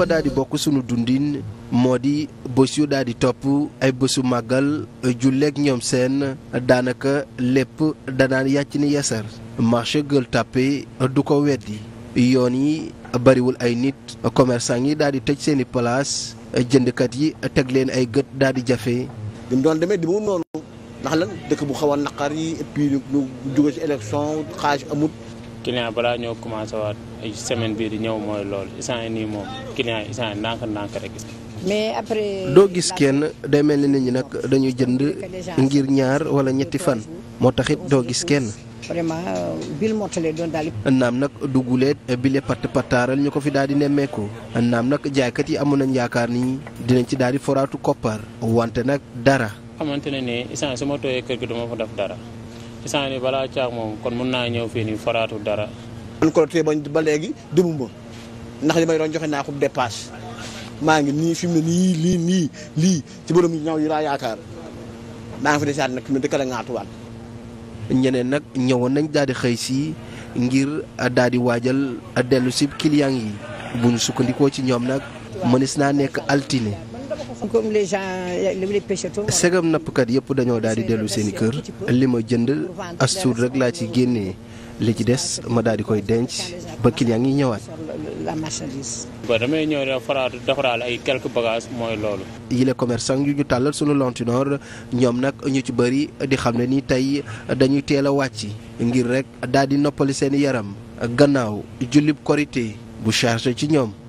ba daal di bokk sunu dundin moo di bés yu daal di topp ay bésu màggal julleeg ñoom seen daanaka lépp danaan yàcc ni yasar marché Gueule Tapée du ko weddi yoon yi bariwul ay nit commerçant yi daal di tëj seeni place jëndkat yi teg leen ay gët daal di jafe li mu doon demee di mu noonu ndax lan dëkk bu xaw naqar yi et puis jóge ci élection xaaj amut client balaa ñëw commencé waat ay semaine bii di ñëw mooy lool isaan yi nii moom client yi isaan yi ndànk-ndànk rek gis mais après doo gis kenn day na ni nit ñi nag dañuy jënd ngir ñaar wala ñetti fan moo taxit doo gis kenn. vraiment euh, bil mottale doon daal naam nag duguleet bile patt pattaaral ñu ko fi daal di nemmeeku naam nag jaaykat yi amoon nañ yaakaar ni dinañ ci daal di foraatu koppar wante nag dara. xamante ne ne isaan su ma dara. isaan ni balaa caax moom kon mun naa ñëw fii nii faraatu dara. man ko tey ba ba léegi demu ma ndax li may doon joxe naa ko dépasse maa ngi nii fi mu ne nii lii nii lii ci borom ñaw yi laa yaakaar maa ngi fi desaat nag fi mu ne dëkk la ŋaatuwaat. ñeneen nag ñëwoon nañ daal di xëy sii ngir ah, daal di waajal ah, dellu si client yi bu ñu sukkandikoo ci ñoom nag mënees naa nekk altine. comme les gens les segam nappkat yëpp dañoo daal di dellu seen i kër li ma jënd as tuut rek laa ci génnee li ci des ma daal di koy denc ba client yi ñëwaat. la marchandise. ba ay quelques bagages mooy loolu. yile commerçant yu ñu tàllal sunu lantinoor ñoom nag ñu ci bëri di xam ne ni tey dañuy teel a wàcc ngir rek daal di noppali seen yaram gannaaw jullib korité bu chargé ci ñoom.